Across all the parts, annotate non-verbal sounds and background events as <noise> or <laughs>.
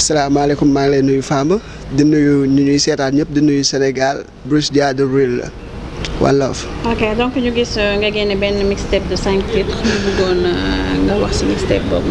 salaamaaleykum maa ngi lay nuyu Fama di nuyu ñu ñuy seetaan ñëpp di nuyu Sénégal Bruce Dia de Real la One ok donc ñu gis euh, nga génne benn mixtape de cinq titres ñu bëggoon euh, nga wax ci mixtape boobu.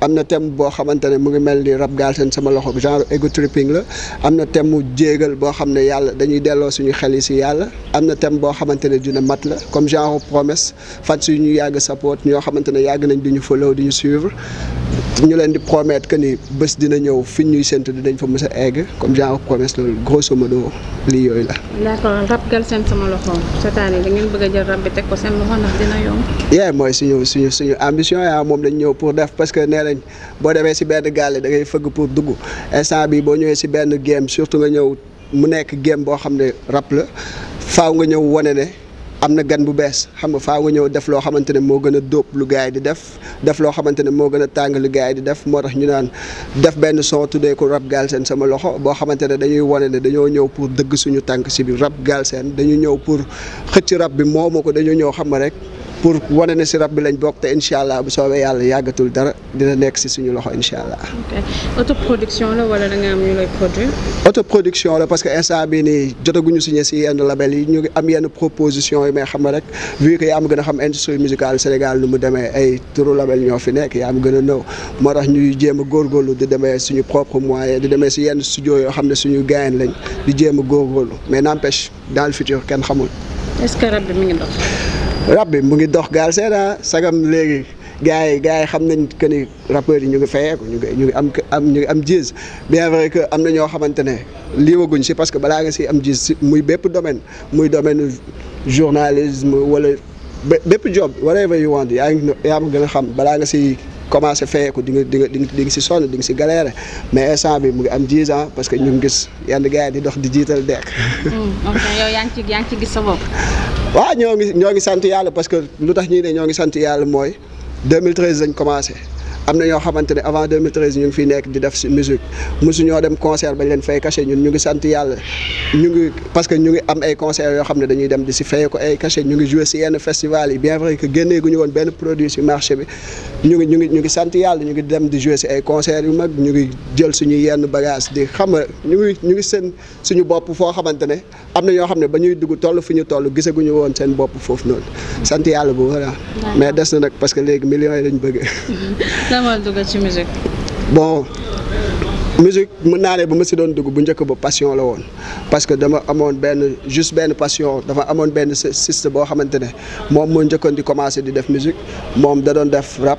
am na thème boo xamante ne mu ngi mel ni rap gaal sama loxo genre ego tripping la am na thème mu jéegal boo xam ne yàlla dañuy delloo suñu xel yi si yàlla am na thème boo xamante ne dina mat la comme genre promesse fat suñu yàgg support ñoo xamante ne yàgg nañ di ñu follow duñu suivre ñu leen di promettre que ni bés dina ñëw fi ñuy séntu dinañ fa mës a egg comme genre promesse loolu grosso modo lii yooyu la. d'accord rab gal sama loxo cette année da bëgg a jël rab bi teg ko seen loxo ndax dina yomb. yee mooy suñu suñu suñu ambition yaa moom lañ ñëw pour def parce que nee nañ boo demee si benn gaale da ngay fëgg pour dugg instant bi boo ñëwee si benn game surtout nga ñëw mu nekk game boo xam ne rab la faaw nga ñëw wone ne. am na gan bu bees xam nga faa nga ñëw def loo xamante ne moo gën a dóob lu gars yi di def def loo xamante ne moo gën a tàng lu gars yi di def moo tax ñu naan def benn son dee ko rap galsen sama loxo boo xamante ne dañuy wane ne dañoo ñëw pour dëgg suñu tànk si bi rap galsen dañu ñëw pour xëcc rab bi moomu ko dañoo ñëw xam nga rek pour wane ne si rab bi lañ bokk te incha allah bu soobee yàlla yàggatul dara dina nekk si suñu loxo incha allah. ok autoproduction la wala da am ñu lay produire. autoproduction la parce que instant bii nii jotaguñu signé si yenn label yi ñu ngi am yenn proposition yi mais xam nga rek vu yaa am gën a xam industrie musicale Sénégal nu mu demee ay turu label ñoo fi nekk yaa am gën a nëw moo tax ñuy jéem a góorgóorlu di demee suñu propre moyen di demee si yenn studio yoo xam ne suñu gayen lañ di jéem a góorgóorlu mais n'empêche dans le kenn xamul. rab mu ngi dox gaal seena sagam léegi gars yi gars yi xam nañ que ni rappeurs yi ñu ngi fayeeku ñu ngi am am ñu ngi am gis bien vrai que am na ñoo xamante ne liiwaguñ si parce que balaa nga si am gis si muy bépp domaine muy domaine journalisme wala bépp job whatever you want yaa ngi yaa ma gën xam balaa nga si commencé fayeeku di nga di nga di si sonn di nga si galère mais instant bi mu ngi am 10 ans ah, parce que ñu ngi gis yenn gars di dox di jiital dekk. Mm, yaa ngi ci gis sa bopp. waaw ñoo ngi ñoo ngi sant yàlla parce que lu tax ñii ne ñoo ngi sant yàlla mooy 2013 lañ commencé. am na ñoo xamante ne avant 2013 ñu ngi fiy nekk di def si musique mosu ñoo dem concert bañ leen fay cachet ñun ñu ngi sant yàlla ñu ngi parce que ñu ngi am ay concert yoo xam ne dañuy dem di si fay ko ay cachet ñu ngi joué si yenn festival yi bien vrai que génnee gu ñu woon benn produit si ñu ngi ñu ñu ngi sant yàlla ñu ngi dem di joué ay concert yu mag ñu ngi jël suñu yenn bagage di xam nga ñu ngi ñu ngi seen suñu bopp foo xamante ne am na ñoo xam ne ba ñuy dugg toll fi ñu toll gisaguñu woon seen bopp foofu noonu mm-hmm. sant yàlla bu wara mais des na nag parce que léegi million yi lañ bëggee <laughs> demal dugg ci musique. bon musique mun naa ne ba ma si doon dugg bu njëkk ba passion la woon parce que dama amoon benn juste benn passion dafa amoon benn siste boo xamante ne moom moo njëkkoon di commencer di def musique moom da doon def rab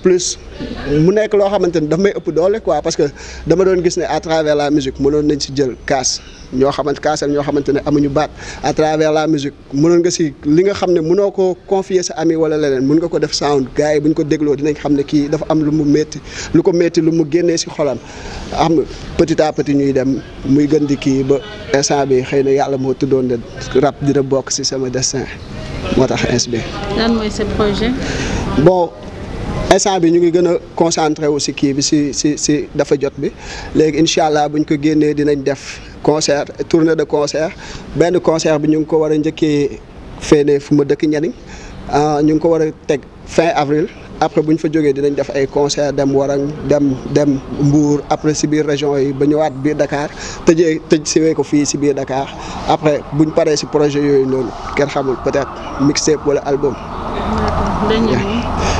plus mu nekk loo xamante ni daf may ëpp doole quoi parce que dama doon gis ne à travers la musique mënoon nañ si jël kaas ñoo xamante kaasal ñoo xamante ne amuñu baat à travers la musique mënoon nga si li nga xam ne mënoo ko confier sa ami wala leneen mun nga ko def sound gars yi bu ñu ko dégloo dinañ xam ne kii dafa am lu mu métti lu ko métti lu mu génnee si xolam xam nga petit à petit ñuy dem muy gën di kii ba instant bi xëy na yàlla moo tuddoon ne rap dina bokk si sama destin moo tax instant instant bi ñu ngi gën a concentré wu kii bi si si si dafa jot bi léegi incha allah buñ ko génnee dinañ def concert tournée de concert benn concert bi ñu ngi ko war a njëkkee feene fu ma dëkk ñaniñ ah, ñu ngi ko war a teg fin avril après bu ñu fa jógee dinañ def ay concert dem Warang dem dem Mbour après si biir région yi ba ñëwaat biir Dakar tëjee tëj siwee ko fii si biir Dakar après bu ñu paree si projet yooyu loolu kenn xamul peut-être mixtape wala album.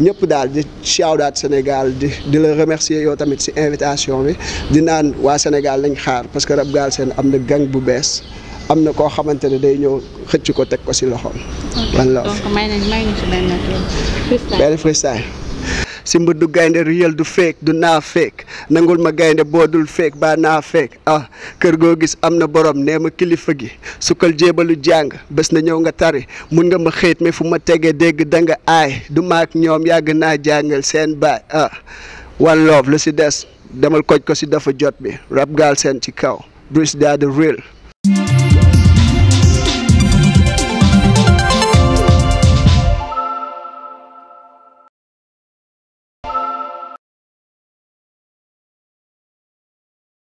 ñëpp daal di shout out Sénégal di di la remercier yow tamit si invitation bi di naan waa Sénégal lañ xaar parce que rab Rap seen am na gang bu bees am na koo xamante ne day ñëw xëcc ko teg ko si loxoom. ok donc benn freestyle. si simb du gaynde réel du feek du naa feek nangul ma gaynde boo dul feek baa naa feek ah kër goo gis am na borom nee ma kilifa gi sukkal jéebalu jàng bés na ñëw nga tari mun nga ma xëyit mi fu ma tegee dégg danga nga aay du maak ñoom yàgg naa jàngal seen baay ah one love lu si des demal koj ko si dafa jot bi rap gaal seen ci kaw Bruce Daa the